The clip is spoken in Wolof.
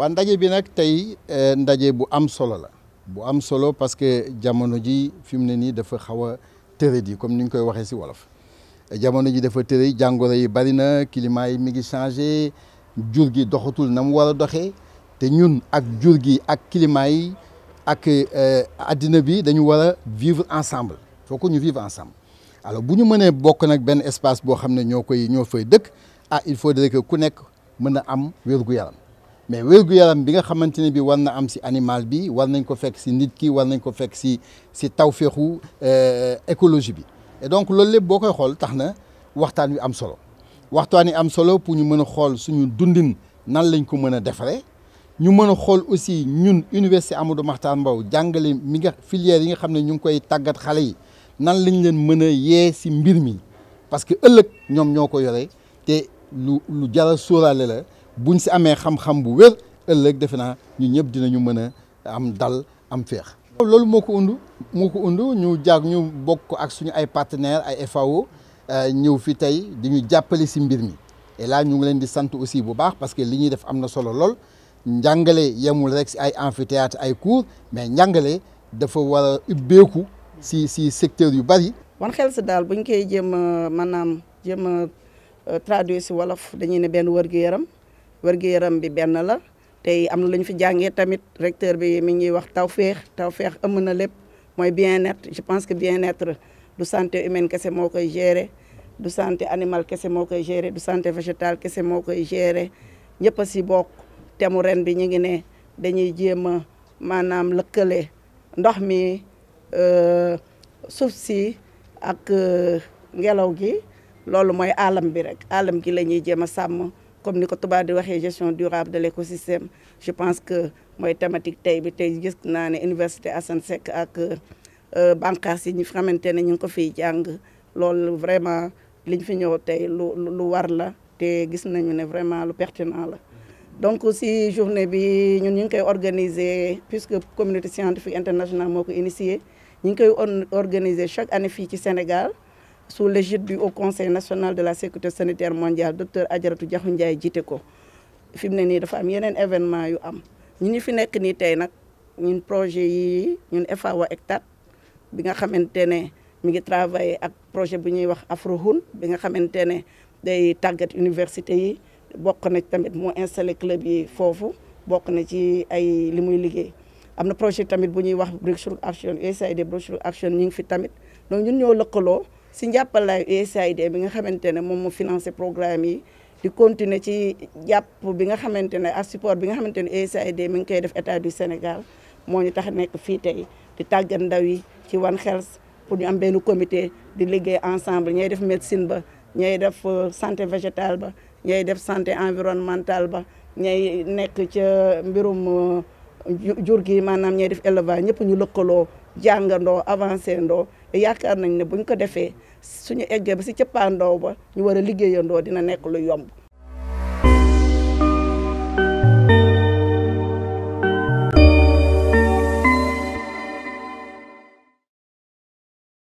waa ndaje bi nak tay eh, ndaje bu am solo la bu am solo parce que jamono ji fimne ni dafa xawa a di comme ni ñu koy waxee ci wolof jamono ji dafa tërët jangoro yi bari na climat yi mi ngi changé jur gi doxatul na wara doxé té ñun ak jur gi ak climat yi ak adina eh, bi dañu wara vivre ensemble faut que ñu vivre ensemble alors buñu ñu bok nak ben espace bo xamné ne ñofay dëkk ah il faudrait que ku nek mëna am wér gu yaram mais wér-gu-yaram bi nga xamante bi war na am ci animal bi war nañ ko fekk ci nit ki war nañ ko fekk ci ci si euh écologie bi et donc loolu lépp boo xol taxna tax waxtaan wi am solo waxtaan wi am solo pour ñu mëna xol suñu dundin nan lañ ko mëna a ñu mëna xol aussi ñun université Amadou Mahtar mbaw jàngale mi nga filière yi nga xamné ñu ngi koy tagat xalé yi nan lañ leen mëna yé ci mbir mi parce que ëllëg ñom ñoko yoré té lu lu jara sóoraale la bu ñu si amee xam-xam bu wér ëllëg defe naa ñu ñëpp dinañu mën a am dal am feex loolu moo ko undu moo ko undu ñu jaag ñu bokk ak suñu ay partenaires ay FAO euh, ñëw fi tey di ñu jàppale si mbir mi et là ñu ngi leen di sant aussi bu baax parce que li ñuy def am na solo lool njàngale yemul rek si ay amphithéâtre ay cours mais jàngale dafa war a si si secteur yu bari. wan xel si daal buñ koy jéem a maanaam jéem euh, si wolof dañuy ne benn wër-gu-yaram. wërgu yaram bi benn la tey am luñ fi jàngee tamit recteur bi mi ngi wax tawféex tawféex ëmb na lépp mooy bien-être je pense que bien-être du santé humaine kese moo koy gérer du santé animal kese moo koy gérer du santé végétal kese moo koy gérer ñëpp a si bokk te mu ren bi ñu ngi ne dañuy jéem a maanaam lëkkale ndox mi euh, suuf si ak euh, ngelaw gi loolu mooy alam bi rek alam gi la ñuy jéem a sàmm. comme ni ko tuba di waxe gestion durable de l'écosystème, je pense que moy thématique tay bi tay gis na né université Assane Seck ak bànqaas yi ñu xamante ne ñu ko fi vraiment liñ fi ñëw tay lu lu war la té gis nañu né vraiment lu pertinent la. donc si journée bi ñun ñu koy organiser puisque communauté scientifique internationale moko initier initié nous koy organiser chaque année ici ci Sénégal. sous l'égide du Haut Conseil national de la sécurité sanitaire mondiale docteur Adjaratou Diakhou Ndiaye jiite ko fi mu ne nii dafa am yeneen événement yu am ñu ñu fi nekk nii tey nag ñun projet yi ñun FAO ECTAD bi nga xamante ne mi ngi travailler ak projet bu ñuy wax Afrohoun bi nga xamante ne day tàggat université yi bokk na tamit moo installé club yi foofu bokk na ci ay li muy liggéey am na projet tamit bu ñuy wax Breakthrough Action USAID Breakthrough Action ñu ngi fi tamit donc ñoo lëkkaloo si la USAID bi nga xamantene mom mo financer programme yi di continuer ci japp bi nga xamantene ne ak support bi nga xamantene USAID mi ngi koy def état du Sénégal moo ñu tax nek fi tay di tàggat ndaw yi ci One Health pour ñu am benn comité di liggéey ensemble ñay def médecine ba ñay def euh, santé végétale ba ñay def santé environnementale ba ñay nek ci euh, mbirum euh, jurgi manam ñay def élevage ñëpp ñu lekkolo jangando avancer ndo yaakaar nañ ne buñ ko defee suñu eggee ba si cëppaandow ba ñu war a liggéeyandoo dina nekk lu yomb